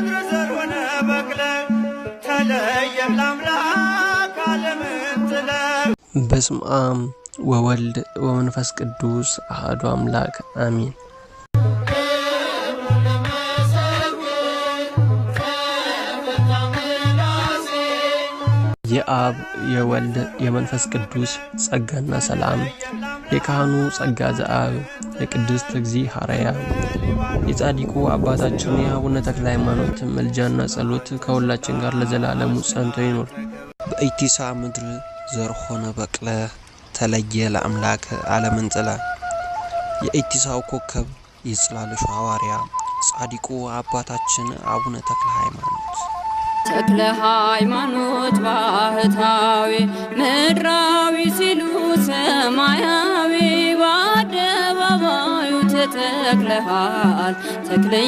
ምድር ዘር ሆነ በቅለ ተለየም ለአምላክ ዓለምን ጥለ። በስመ አብ ወወልድ ወመንፈስ ቅዱስ አሐዱ አምላክ አሚን። የአብ የወልድ የመንፈስ ቅዱስ ጸጋና ሰላም የካህኑ ጸጋ ዘአብ የቅድስት እግዚሐረያ የጻድቁ አባታችን የአቡነ ተክለ ሃይማኖት ምልጃና ጸሎት ከሁላችን ጋር ለዘላለሙ ጸንቶ ይኑር። በኢቲሳ ምድር ዘር ሆነ በቅለ ተለየ ለአምላክ ዓለምን ጥላ የኢቲሳው ኮከብ የጽላልሽ ሐዋርያ ጻድቁ አባታችን አቡነ ተክለ ሃይማኖት ተክለ ሃይማኖት ባህታዊ ምድራዊ ሲሉ ሰማያዊ በአደባባዩ ተተክለሃል ተክለ